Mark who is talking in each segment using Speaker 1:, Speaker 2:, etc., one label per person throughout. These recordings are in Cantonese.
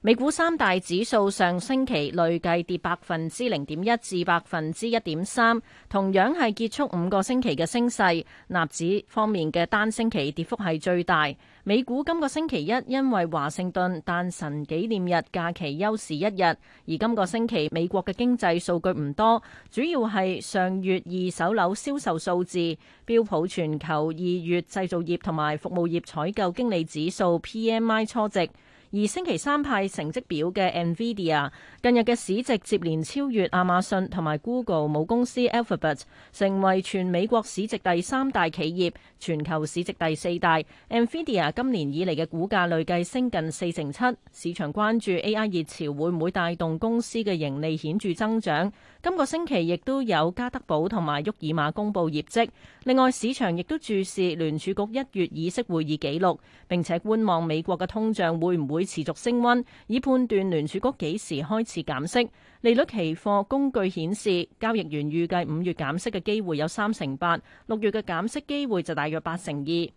Speaker 1: 美股三大指數上星期累計跌百分之零點一至百分之一點三，同樣係結束五個星期嘅升勢。納指方面嘅單星期跌幅係最大。美股今個星期一因為華盛頓誕辰紀念日假期休市一日，而今個星期美國嘅經濟數據唔多，主要係上月二手樓銷售數字、標普全球二月製造業同埋服務業採購經理指數 PMI 初值。而星期三派成績表嘅 Nvidia 近日嘅市值接連超越亞馬遜同埋 Google 母公司 Alphabet，成為全美國市值第三大企業，全球市值第四大。Nvidia 今年以嚟嘅股價累計升近四成七，市場關注 AI 熱潮會唔會帶動公司嘅盈利顯著增長。今個星期亦都有家得寶同埋沃爾瑪公布業績，另外市場亦都注視聯儲局一月議息會議記錄，並且觀望美國嘅通脹會唔會會持續升溫，以判斷聯儲局幾時開始減息。利率期貨工具顯示，交易員預計五月減息嘅機會有三成八，六月嘅減息機會就大約八成二。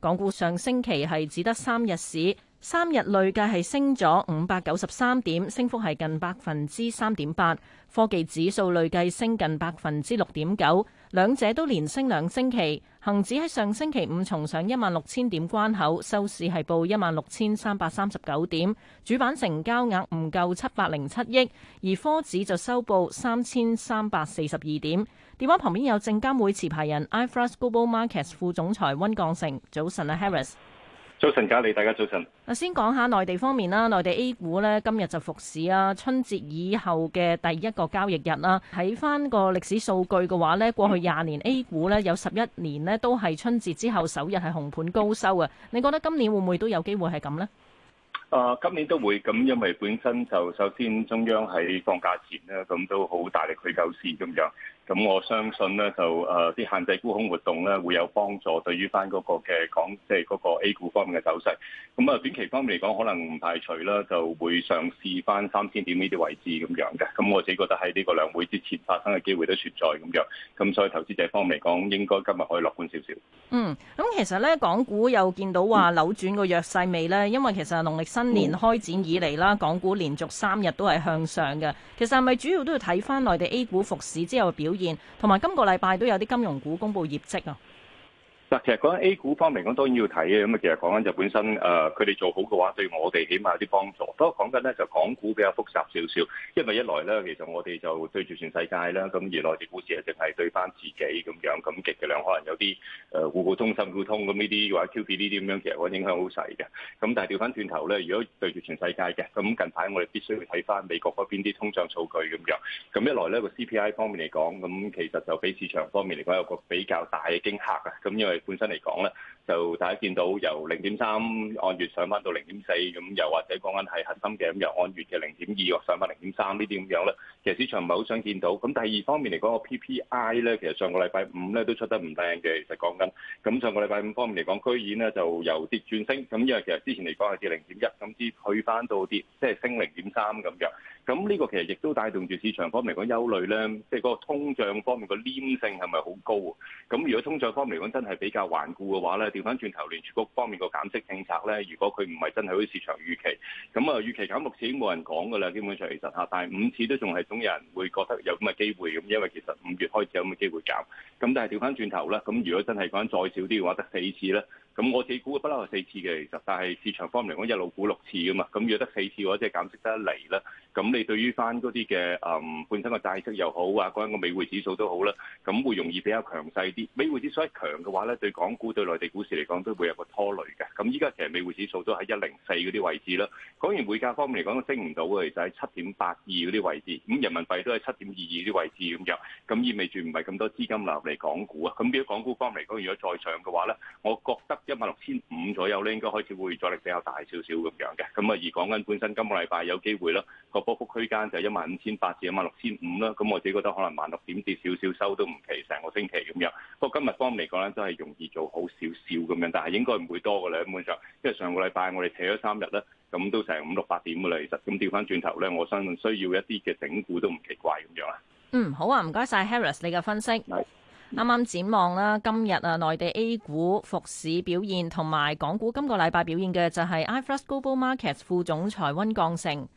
Speaker 1: 港股上星期係只得三日市。三日累計係升咗五百九十三點，升幅係近百分之三點八。科技指數累計升近百分之六點九，兩者都連升兩星期。恒指喺上星期五重上一萬六千點關口，收市係報一萬六千三百三十九點，主板成交額唔夠七百零七億，而科指就收報三千三百四十二點。電話旁邊有證監會持牌人 iFAST Global Markets 副總裁温鋼成，早晨啊，Harris。
Speaker 2: 早晨，嘉利，大家早晨。
Speaker 1: 嗱，先講下內地方面啦。內地 A 股咧，今日就復市啊。春節以後嘅第一個交易日啦，睇翻個歷史數據嘅話咧，過去廿年 A 股咧有十一年咧都係春節之後首日係紅盤高收啊。你覺得今年會唔會都有機會係咁呢？誒、
Speaker 2: 啊，今年都會咁，因為本身就首先中央喺放假前呢，咁都好大力去救市咁樣。咁我相信咧就誒啲、呃、限制沽空活動咧會有幫助，對於翻嗰個嘅講即係嗰個 A 股方面嘅走勢。咁啊短期方面嚟講，可能唔排除啦，就會嘗試翻三千點呢啲位置咁樣嘅。咁我自己覺得喺呢個兩會之前發生嘅機會都存在咁樣。咁所以投資者方面嚟講，應該今日可以樂觀少少。
Speaker 1: 嗯，咁其實咧港股又見到話扭轉個弱勢未咧？因為其實係農曆新年開展以嚟啦，嗯、港股連續三日都係向上嘅。其實係咪主要都要睇翻內地 A 股復市之後表？同埋今個禮拜都有啲金融股公布業績啊。
Speaker 2: 嗱，其實講緊 A 股方面，咁當然要睇嘅。咁啊，其實講緊就本身，誒佢哋做好嘅話，對我哋起碼有啲幫助。不過講緊咧就港股比較複雜少少，因為一來咧，其實我哋就對住全世界啦。咁二來，啲股市啊，淨係對翻自己咁樣，咁極嘅量可能有啲誒、呃、滬港通、深港通咁呢啲，或者 q p 啲啲咁樣，其實個影響好細嘅。咁但係調翻轉頭咧，如果對住全世界嘅，咁近排我哋必須去睇翻美國嗰邊啲通脹數據咁樣。咁一來咧個 CPI 方面嚟講，咁其實就俾市場方面嚟講有個比較大嘅驚嚇啊。咁因為本身嚟講咧，就大家見到由零點三按月上翻到零點四，咁又或者講緊係核心嘅，咁又按月嘅零點二或上翻零點三呢啲咁樣咧，其實市場唔係好想見到。咁第二方面嚟講，個 PPI 咧，其實上個禮拜五咧都出得唔靚嘅，其實講緊咁上個禮拜五方面嚟講，居然咧就由跌轉升，咁因為其實之前嚟講係跌零點一，咁至去翻到跌即係升零點三咁樣。咁呢個其實亦都帶動住市場方面嚟講，憂慮咧，即係嗰個通脹方面個黏性係咪好高啊？咁如果通脹方面嚟講真係比比較頑固嘅話咧，調翻轉頭，聯儲局方面個減息政策咧，如果佢唔係真係好似市場預期，咁啊預期減六次已經冇人講噶啦，基本上其實嚇，但係五次都仲係總有人會覺得有咁嘅機會咁，因為其實五月開始有咁嘅機會減，咁但係調翻轉頭咧，咁如果真係講再少啲嘅話，得四次啦。咁我自己估嘅不嬲係四次嘅，其實，但係市場方面嚟講一路估六次噶嘛。咁若得四次嘅話，即係減息得一嚟啦。咁你對於翻嗰啲嘅誒本身嘅債息又好啊，講緊個美匯指數都好啦，咁會容易比較強勢啲。美匯指數一強嘅話咧，對港股對內地股市嚟講都會有個拖累嘅。咁依家其實美匯指數都喺一零四嗰啲位置啦。講完匯價方面嚟講，升唔到嘅，就喺七點八二嗰啲位置。咁人民幣都喺七點二二啲位置咁樣，咁意味住唔係咁多資金流入嚟港股啊。咁變咗港股方面嚟講，如果再上嘅話咧，我覺得。一萬六千五左右咧，應該開始會阻力比較大少少咁樣嘅。咁啊，而講緊本身今個禮拜有機會啦，個波幅區間就一萬五千八至一萬六千五啦。咁我自己覺得可能萬六點跌少少收都唔奇，成個星期咁樣。不過今日方面嚟講咧，都係容易做好少少咁樣，但係應該唔會多噶啦，基本上。因為上個禮拜我哋企咗三日咧，咁都成五六百點噶啦，其實咁調翻轉頭咧，我相信需要一啲嘅整固都唔奇怪咁樣啊。
Speaker 1: 嗯，好啊，唔該晒 Harris 你嘅分析。啱啱展望啦，今日啊，內地 A 股復市表現同埋港股今個禮拜表現嘅就係 iFAST Global Markets 副總裁温鋼成。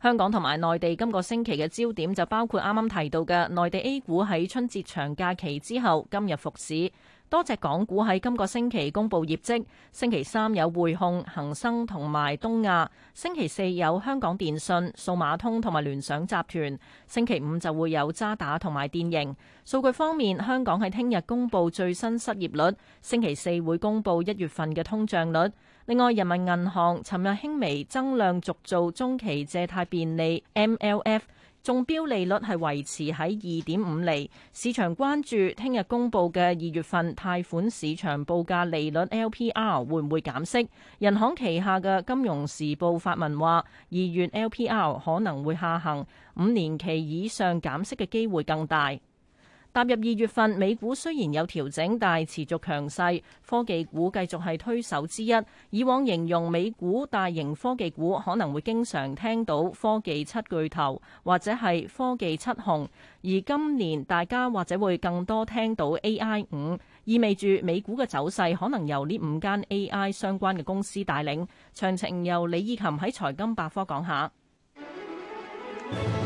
Speaker 1: 香港同埋內地今個星期嘅焦點就包括啱啱提到嘅內地 A 股喺春節長假期之後今日復市。多隻港股喺今個星期公布業績，星期三有匯控、恒生同埋東亞，星期四有香港電訊、數碼通同埋聯想集團，星期五就會有渣打同埋電盈。數據方面，香港喺聽日公布最新失業率，星期四會公布一月份嘅通脹率。另外，人民銀行尋日輕微增量續做中期借貸便利 （MLF）。中標利率係維持喺二點五厘。市場關注聽日公布嘅二月份貸款市場報價利率 LPR 會唔會減息。人行旗下嘅金融時報發文話，二月 LPR 可能會下行，五年期以上減息嘅機會更大。踏入二月份，美股雖然有調整，但係持續強勢，科技股繼續係推手之一。以往形容美股大型科技股可能會經常聽到科技七巨頭或者係科技七雄，而今年大家或者會更多聽到 AI 五，意味住美股嘅走勢可能由呢五間 AI 相關嘅公司帶領。詳情由李意琴喺財金百科講下。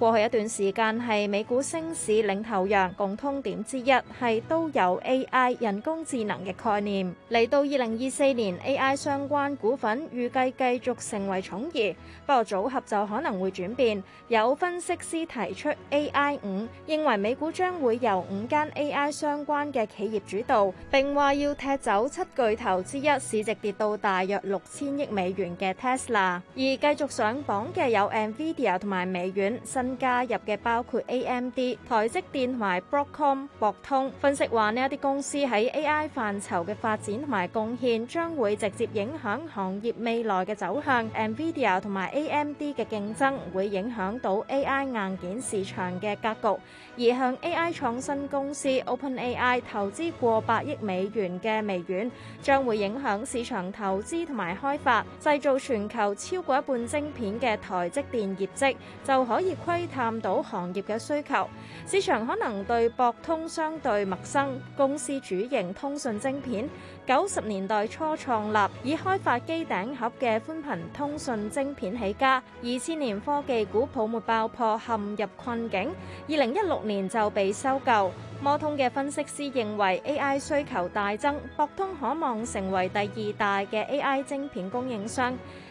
Speaker 3: 過去一段時間係美股升市領頭羊，共通點之一係都有 AI 人工智能嘅概念。嚟到二零二四年，AI 相關股份預計繼續成為寵兒，不過組合就可能會轉變。有分析師提出 AI 五，認為美股將會由五間 AI 相關嘅企業主導，並話要踢走七巨頭之一市值跌到大約六千億美元嘅 Tesla。而繼續上榜嘅有 Nvidia 同埋美院新。加入嘅包括 AMD、台積電同埋 Broadcom、博通，分析話呢一啲公司喺 AI 範疇嘅發展同埋貢獻，將會直接影響行業未來嘅走向。NVIDIA 同埋 AMD 嘅競爭，會影響到 AI 硬件市場嘅格局。而向 AI 創新公司 OpenAI 投資過百億美元嘅微軟，將會影響市場投資同埋開發。製造全球超過一半晶片嘅台積電業績，就可以規窺探到行業嘅需求，市場可能對博通相對陌生。公司主營通訊晶片，九十年代初創立，以開發機頂盒嘅寬頻通訊晶片起家。二千年科技股泡沫爆破，陷入困境。二零一六年就被收購。摩通嘅分析師認為 AI 需求大增，博通可望成為第二大嘅 AI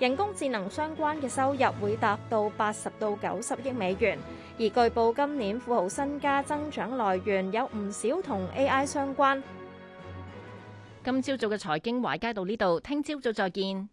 Speaker 3: 人工智能相關嘅收入會達到八十到九十億美元，而據報今年富豪身家增長來源有唔少同 AI 相關。今
Speaker 1: 朝早嘅財經華爾街到呢度，聽朝早再見。